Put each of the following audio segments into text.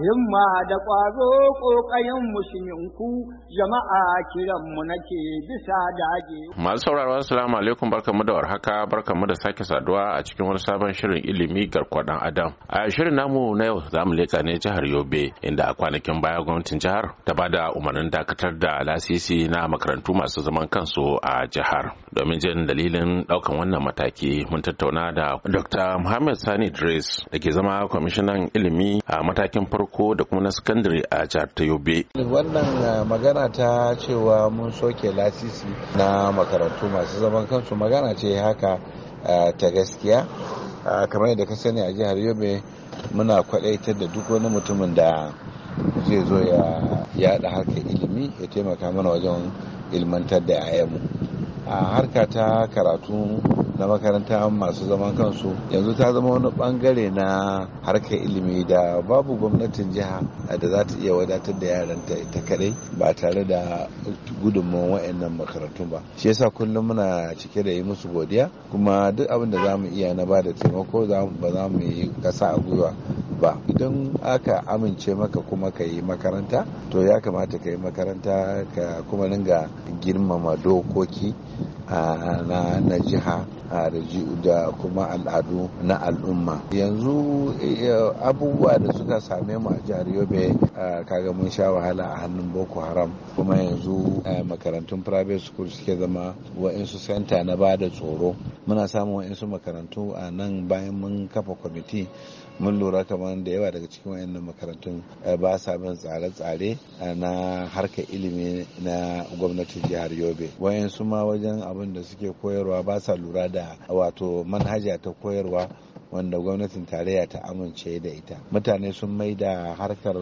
himma da ƙwazo ƙoƙayen musulminku jama'a kiran mu nake bisa dage. Masu sauraro assalamu alaikum barkamu da warhaka barkamu da sake saduwa a cikin wani sabon shirin ilimi garkwadan adam. A shirin namu na yau za mu leka ne jihar Yobe inda a kwanakin baya gwamnatin jihar ta bada umarnin dakatar da lasisi na makarantu masu zaman kansu a jihar. Domin jin dalilin ɗaukan wannan mataki mun tattauna da Dr. Muhammad Sani Dres da ke zama kwamishinan ilimi a matakin farko farko da kuma na sakandare a jihar ta yobe wannan eh, magana ta cewa mun soke lasisi na makarantu masu zaman kansu magana ce haka eh, ta gaskiya eh, kamar yadda ka sani a jihar yobe muna kwadaitar da duk wani mutumin da zai zo ya yada harka ilimi ya taimaka mana wajen ilmantar da 'ya'yanmu a harka ta karatu na makaranta masu zaman kansu yanzu ta zama wani bangare na harkar ilimi da babu gwamnatin jiha da za ta iya wadatar da yaranta ta kaɗai ba tare da gudunmawar wa'annan makarantun ba shi yasa kullum muna cike da yi musu godiya kuma duk abin da za mu iya na ba da taimako ba za mu yi kasa a gwiwa Ba idan aka amince maka kuma ka yi makaranta to ya kamata ka yi makaranta ka kuma ringa girmama dokoki na, jiha da kuma al'adu na al'umma yanzu eh, abubuwa da suka same mu a jihar yobe kaga mun sha wahala a hannun boko haram kuma yanzu eh, makarantun private school suke zama wa'insu senta na ba da tsoro muna samun wa'insu makarantu a nan bayan mun kafa kwamiti mun lura kamar da yawa daga cikin wayannan makarantun eh, ba sa bin tsare-tsare eh, na harkar ilimi na gwamnatin jihar yobe wayansu ma wajen abin da suke koyarwa ba sa lura da wato manhaja ta koyarwa wanda gwamnatin tarayya ta amince da ita mutane sun mai da harkar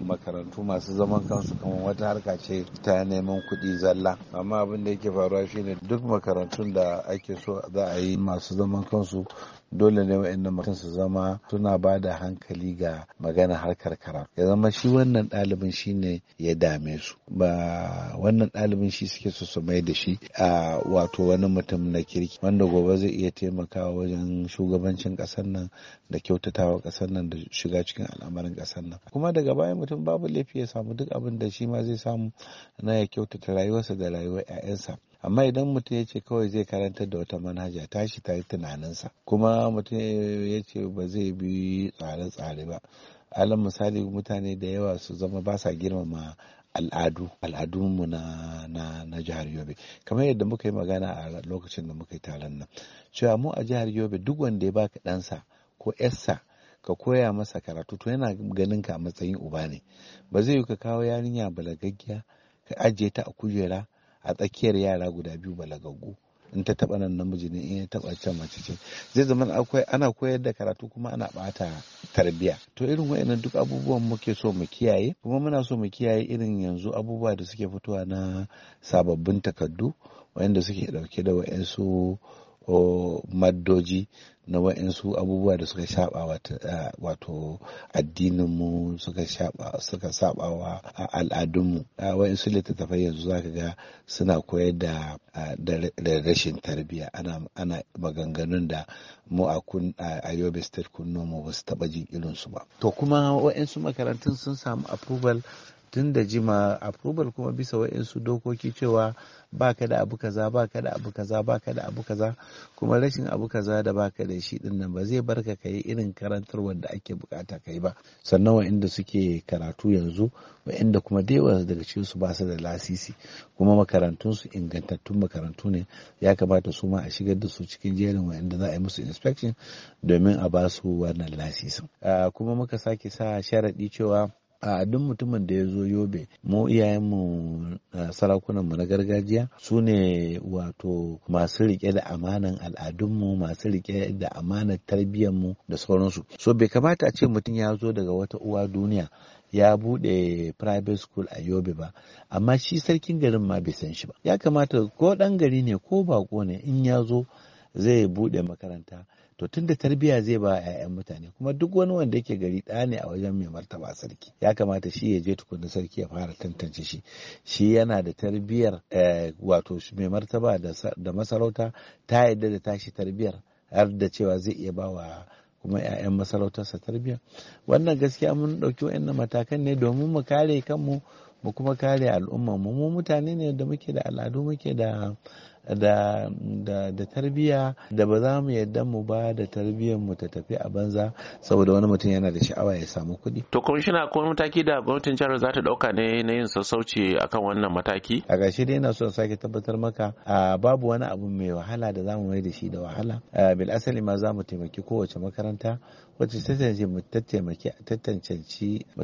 makarantu masu zaman kansu kamar wata harka ce ta neman kuɗi zalla amma abin da yake faruwa shine duk makarantun da ake so za a yi masu zaman kansu dole ne wa'annan mutum su zama suna ba da hankali ga magana harkar karatu ya zama shi wannan ɗalibin shi ne ya dame su ba wannan ɗalibin shi suke su su mai da shi a wato wani mutum na kirki wanda gobe zai iya taimakawa wajen shugabancin ƙasar nan da kyautatawa ƙasar nan da shiga cikin al'amarin ƙasar nan kuma daga baya mutum babu laifi ya samu duk abin da shi ma zai samu na ya kyautata rayuwarsa da rayuwar 'ya'yansa amma idan mutum ya ce kawai zai karanta da wata manhaja tashi ta yi tunaninsa kuma mutum ya ce ba zai bi tsare-tsare ba alam misali mutane da yawa su zama ba sa girmama al'adu al'adunmu na, na, jihar yobe kamar yadda muka yi magana a lokacin da muka yi taron nan cewa mu a jihar yobe duk wanda ya baka ɗansa ko 'yarsa ka koya masa karatu to yana ganin ka a matsayin uba ne ba zai yi ka kawo yarinya balagaggiya ka ajiye ta a kujera a tsakiyar yara guda biyu balagaggu in ta taba nan namiji ne in ya taba can mace ce zai zama akwai ana koyar da karatu kuma ana bata tarbiya to irin wayannan duk abubuwan muke so mu kiyaye kuma muna so mu kiyaye irin yanzu abubuwa da suke fitowa na sababbin takardu wayanda suke dauke da wayansu ko maddoji na wa'insu abubuwa da suka shaɓa wato addininmu suka saɓa wa al'adunmu wa'insu littattafai yanzu za ka ga suna koyar da rashin tarbiyya ana maganganun da mu a yobe state kunnu mu ba su taɓa jin irinsu ba to kuma wa'insu makarantun sun samu approval tun da jima approval kuma bisa wa'insu dokoki cewa ba ka da abu kaza ba ka da abu kaza ba ka da abu kaza kuma rashin abu kaza da ba ka da shi din nan ba zai barka ka yi irin karantar wanda ake bukata ka yi ba sannan wa'inda suke karatu yanzu wa'inda kuma da daga cikin su ba su da lasisi kuma makarantun su ingantattun makarantu ne ya kamata su ma a shigar da su cikin jerin wa'inda za a yi musu inspection domin a ba su wannan lasisin ah, kuma muka sake sa sharaɗi cewa a duk mutumin da ya zo yobe mu iyayenmu mu na gargajiya su ne wato masu rike da amanan al'adunmu masu rike da amanar mu da sauransu so bai kamata a ce mutum ya zo daga wata uwa duniya ya bude private school a yobe ba amma shi sarkin garin ma bai san shi ba ya kamata ko dan gari ne ko baƙo ne in ya zo zai bude makaranta to tunda tarbiyya zai ba 'ya'yan mutane kuma duk wani wanda yake gari ɗa ne a wajen mai martaba sarki ya kamata shi ya je tukunna sarki ya fara tantance shi shi yana da tarbiyyar eh, wato mai martaba da masarauta ta yadda da tashi tarbiyyar har da cewa zai iya ba wa kuma 'ya'yan masarautarsa tarbiya wannan gaskiya mun ɗauki wa'annan matakan ne domin mu kare kanmu mu kuma kare al'umma mu mu mutane ne da muke da al'adu muke da da da da tarbiyya da ba za mu yadda mu ba da tarbiyyar mu ta tafi a banza saboda wani mutum yana da sha'awa ya samu kuɗi to kwamishina ko mataki da gwamnatin jihar za ta ɗauka ne na yin sassauci akan wannan mataki a gashi dai ina so sake tabbatar maka babu wani abu mai wahala da za mu mai da shi da wahala bil asali ma za mu taimaki kowace makaranta wacce ta taimake mu ta tantance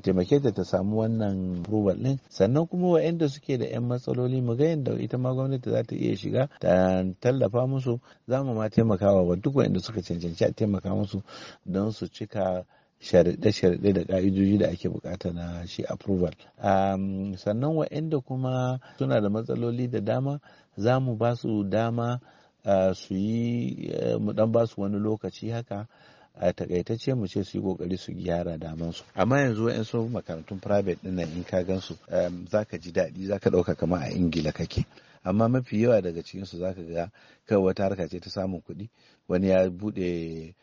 taimake ta ta samu wannan rubar din sannan kuma waɗanda suke da yan matsaloli mu ga yadda ita ma gwamnati za ta iya shiga ta tallafa musu za mu ma taimakawa wa duk waɗanda suka cancanci a taimaka musu don su cika sharaɗe-sharaɗe da ƙa'idoji da ake bukata na shi approval sannan waɗanda kuma suna da matsaloli da dama za mu ba su dama su yi eh, mu dan ba su wani lokaci haka a takaitacce mu ce su yi kokari su gyara daman su amma yanzu wa'in su makarantun private din nan in ka gan su zaka ji daɗi zaka ɗauka kama a ingila kake amma mafi yawa daga cikin su zaka ga kai wata harka ce ta samun kuɗi wani ya buɗe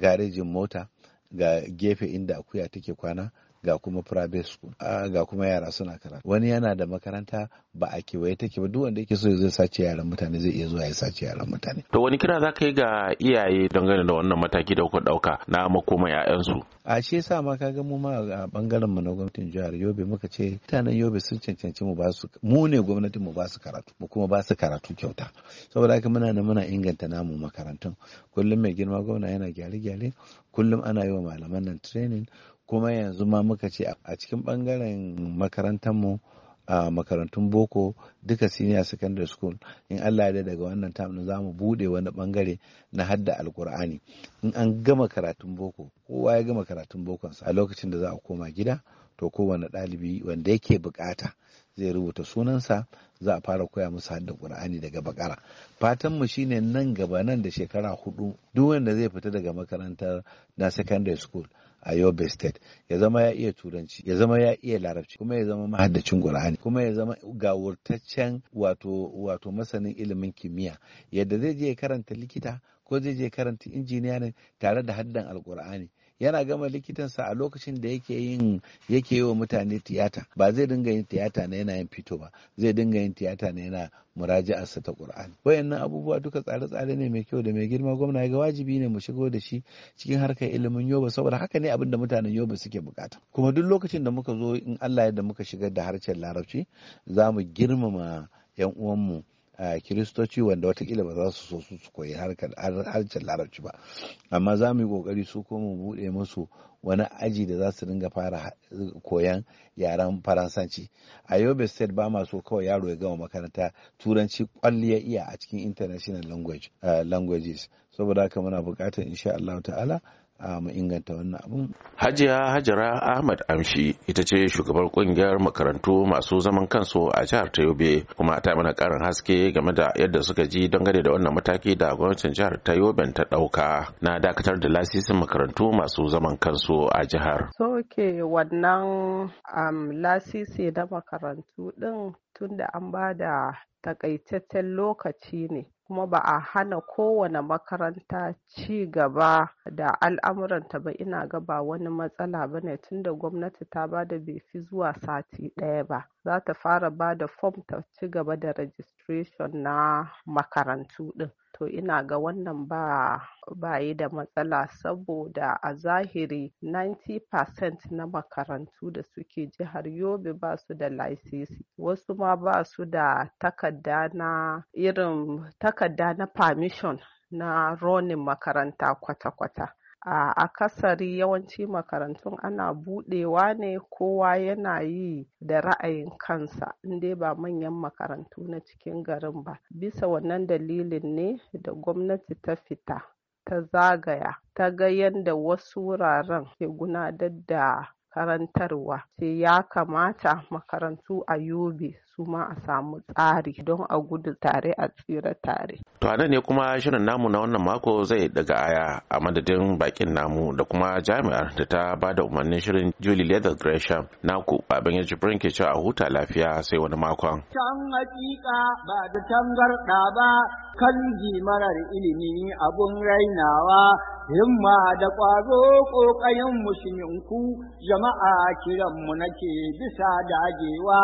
garejin mota ga gefe inda akuya take kwana ga kuma private school ga kuma yara suna karatu wani yana da makaranta ba a kewaye take ba duk wanda yake so zai sace yaran mutane zai iya zuwa ya sace yaran mutane to wani kira za ka yi ga iyaye dangane da wannan mataki da kuka dauka na makoma ƴaƴansu a shi yasa ma ga mu ma a bangaren mu na gwamnatin jihar Yobe muka ce mutanen Yobe sun cancanci mu ba su mu ne gwamnatin mu ba su karatu mu kuma ba su karatu kyauta saboda haka muna da muna inganta namu makarantun kullum mai girma gwamna yana gyare-gyare kullum ana yi wa malaman nan training kuma yanzu ma muka ce a cikin bangaren makarantarmu a makarantun boko duka senior secondary school in allah ya daga wannan tam za mu bude wani bangare na hadda alkur'ani in an gama karatun boko kowa ya gama karatun bokonsa a lokacin da za a koma gida to kowane ɗalibi wanda yake bukata zai rubuta sunansa za a fara koya musu hadda qur'ani daga bakara fatan mu shine nan gaba nan da shekara hudu duk wanda zai fita daga makarantar na secondary school a Yobe State ya zama ya iya turanci ya zama ya iya larabci kuma ya zama mahaddacin Qur'ani kuma ya zama gawurtaccen wato wato masanin ilimin kimiyya yadda zai je karanta likita ko zai je karanta injiniya ne tare da haddan alkur'ani yana gama likitansa a lokacin da yake yin yake yi wa mutane tiyata ba zai dinga yin tiyata na yana yin fito ba zai dinga yin tiyata na yana muraja'arsa ta Qur'ani wayannan abubuwa duka tsare-tsare ne mai kyau da mai girma gwamna ga wajibi ne mu shigo da shi cikin harkar ilimin yoba saboda haka ne abin da mutanen yoba suke bukata kuma duk lokacin da muka zo in Allah ya da muka shigar da harshen larabci za mu girmama 'yan uwanmu kiristoci wanda watakila ba za su so su koyi harshen larabci ba amma za mu yi kokari su ko mu buɗe musu wani aji da za su dinga fara koyan yaren faransanci a yobe state ba ma so kawai yaro ya gama makaranta turanci kwalli ya iya a cikin international eh, languages saboda haka muna buƙatar insha Allah ta'ala mu inganta wannan abun. Hajiya Hajara Ahmad Amshi ita ce shugabar kungiyar makarantu masu zaman kansu a jihar ta Yobe kuma ta mana karin haske game da yadda suka ji dangane da wannan mataki da gwamnatin jihar ta Yobe ta dauka na dakatar da lasisin makarantu masu zaman kansu a jihar. Soke wannan lasisi na makarantu din tunda an ba da takaitaccen lokaci ne kuma ba a hana kowane makaranta ci gaba da al'amuranta ba ina ga ba wani matsala ba ne tunda gwamnati ta ba da bai fi zuwa sati ɗaya ba za ta fara ba da fom ta ci gaba da registration na makarantu ɗin to ina ga wannan ba ba yi da matsala saboda a zahiri 90% na makarantu da suke jihar yobe ba su da laisisi wasu ma ba su da takarda na irin takarda na permission na ronin makaranta kwata-kwata a akasari yawanci makarantun ana budewa ne kowa yana yi da ra'ayin kansa dai ba manyan makarantu na cikin garin ba bisa wannan dalilin ne da gwamnati ta fita ta zagaya ta ga yadda wasu wuraren ke gudanar da karantarwa sai ya kamata makarantu a yobe su ma a samu tsari don a gudu tare a tsira tare. To anan ne kuma shirin namu na wannan mako zai daga aya a madadin bakin namu da kuma jami'ar da ta ba da umarnin shirin Julie Leather Gresham naku abin ya ji ke a huta lafiya sai wani makon. Can hakika ba da tangarda ba kan ji marar ilimi abun rainawa himma da ƙwazo ƙoƙayen musulminku jama'a kiranmu nake bisa dagewa.